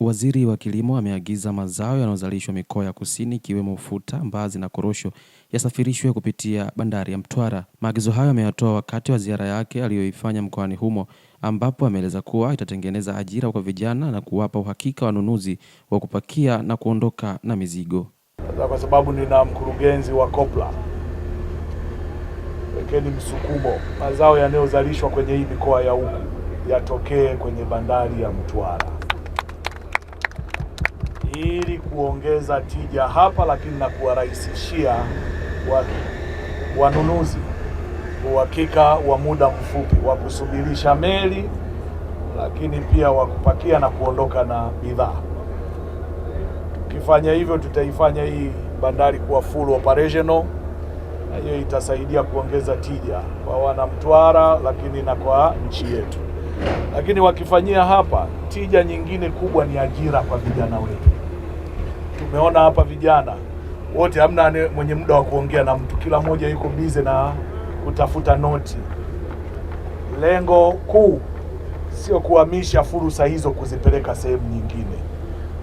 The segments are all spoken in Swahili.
Waziri wa Kilimo ameagiza mazao yanayozalishwa mikoa ya kusini ikiwemo ufuta, mbaazi na korosho yasafirishwe kupitia bandari ya Mtwara. Maagizo hayo ameyatoa wakati wa ziara yake aliyoifanya mkoani humo ambapo ameeleza kuwa itatengeneza ajira kwa vijana na kuwapa uhakika wanunuzi wa kupakia na kuondoka na mizigo. Kwa sababu nina mkurugenzi wa Kopla, wekeni msukumo, mazao yanayozalishwa kwenye hii mikoa ya huku yatokee kwenye bandari ya Mtwara ili kuongeza tija hapa, lakini na kuwarahisishia wanunuzi uhakika wa muda mfupi wa kusubirisha meli, lakini pia wa kupakia na kuondoka na bidhaa. Tukifanya hivyo, tutaifanya hii bandari kuwa full operational, na hiyo itasaidia kuongeza tija kwa wanamtwara, lakini na kwa nchi yetu. Lakini wakifanyia hapa, tija nyingine kubwa ni ajira kwa vijana wetu tumeona hapa vijana wote, hamna mwenye muda wa kuongea na mtu, kila mmoja yuko bize na kutafuta noti. Lengo kuu sio kuhamisha fursa hizo kuzipeleka sehemu nyingine.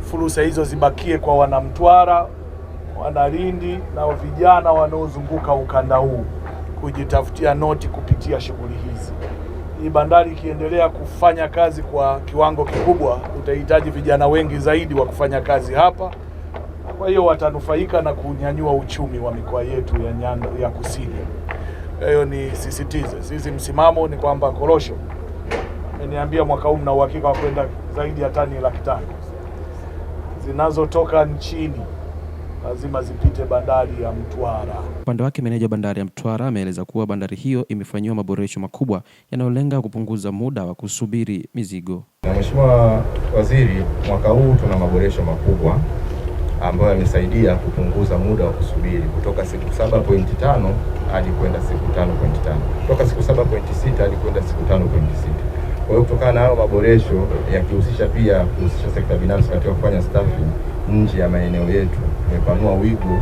Fursa hizo zibakie kwa wanamtwara, wanalindi na vijana wanaozunguka ukanda huu kujitafutia noti kupitia shughuli hizi. Hii bandari ikiendelea kufanya kazi kwa kiwango kikubwa, utahitaji vijana wengi zaidi wa kufanya kazi hapa. Kwa hiyo watanufaika na kunyanyua uchumi wa mikoa yetu ya nyanda ya kusini. Hiyo ni sisitize, sisi msimamo ni kwamba korosho, ameniambia mwaka huu mna uhakika wa kwenda zaidi ya tani laki tano zinazotoka nchini lazima zipite bandari ya Mtwara. Upande wake meneja bandari ya Mtwara ameeleza kuwa bandari hiyo imefanyiwa maboresho makubwa yanayolenga kupunguza muda wa kusubiri mizigo. Mheshimiwa Waziri, mwaka huu tuna maboresho makubwa ambayo yamesaidia kupunguza muda wa kusubiri kutoka siku 7.5 hadi kwenda siku 5.5, kutoka siku 7.6 hadi kwenda siku 5.6. Kwa hiyo kutokana na hayo maboresho yakihusisha pia kuhusisha sekta binafsi katika kufanya staffing nje ya maeneo yetu, imepanua wigo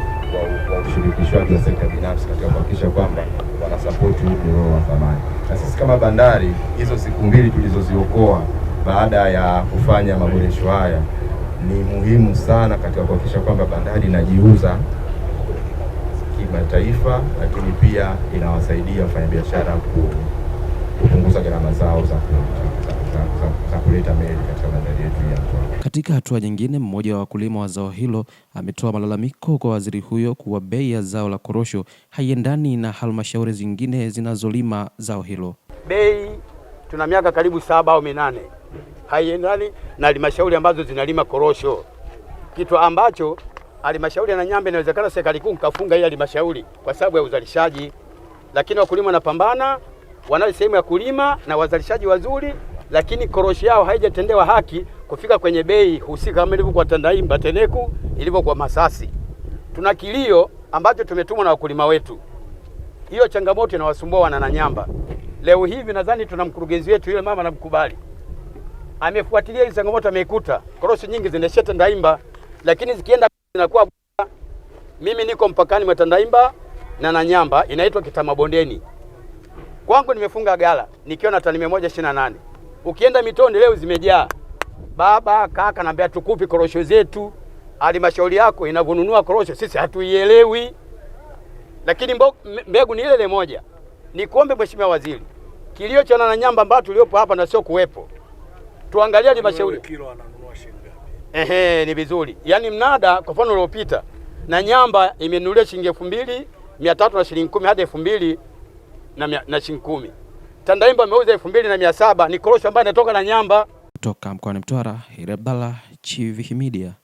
wa ushirikishwaji wa sekta binafsi katika kuhakikisha kwamba wanasapoti mnyororo wa thamani. Na sisi kama bandari, hizo siku mbili tulizoziokoa baada ya kufanya maboresho haya ni muhimu sana katika kuhakikisha kwamba bandari inajiuza kimataifa, lakini pia inawasaidia wafanyabiashara kupunguza gharama zao za, kuleta meli katika bandari yetu ya Mtwara. Katika hatua nyingine, mmoja wa wakulima wa zao hilo ametoa malalamiko kwa waziri huyo kuwa bei ya zao la korosho haiendani na halmashauri zingine zinazolima zao hilo. Bei tuna miaka karibu saba au minane haiendani na halmashauri ambazo zinalima korosho, kitu ambacho halmashauri ya Nanyambe inawezekana serikali kuu mkafunga hii halmashauri kwa sababu ya uzalishaji, lakini wakulima wanapambana, wanayo sehemu ya kulima na wazalishaji wazuri, lakini korosho yao haijatendewa haki kufika kwenye bei husika kama ilivyokuwa Tandahimba, Teneku, ilivyo kwa Masasi. Tuna kilio ambacho tumetumwa na wakulima wetu. Hiyo changamoto inawasumbua wana Nanyamba. Leo hivi nadhani tuna mkurugenzi wetu yule mama namkubali amefuatilia hizo changamoto, ameikuta koroshi nyingi zinaishia Tandaimba, lakini zikienda zinakuwa. Mimi niko mpakani mwa Tandaimba na Nanyamba, inaitwa Kitamabondeni. Kwangu nimefunga gala nikiwa na tani mia moja ishirini na nane. Ukienda mitoni leo zimejaa. Baba kaka naambia tukupi korosho zetu, halmashauri yako inavyonunua korosho sisi hatuielewi, lakini mbo, mbegu ni ile ile moja. Nikuombe Mheshimiwa Waziri, kilio cha Nanyamba ambao tuliopo hapa na sio kuwepo tuangalie halmashauri kilo ananunua shilingi ngapi. Ehe, ni vizuri. Yaani mnada kwa mfano uliopita na nyamba imenunuliwa shilingi elfu mbili mia tatu na shilingi kumi hadi elfu mbili na, na shilingi kumi. Tandaimba ameuza elfu mbili na mia saba ni korosho ambayo inatoka na nyamba. Kutoka mkoani Mtwara, hirebala Chivihi Media.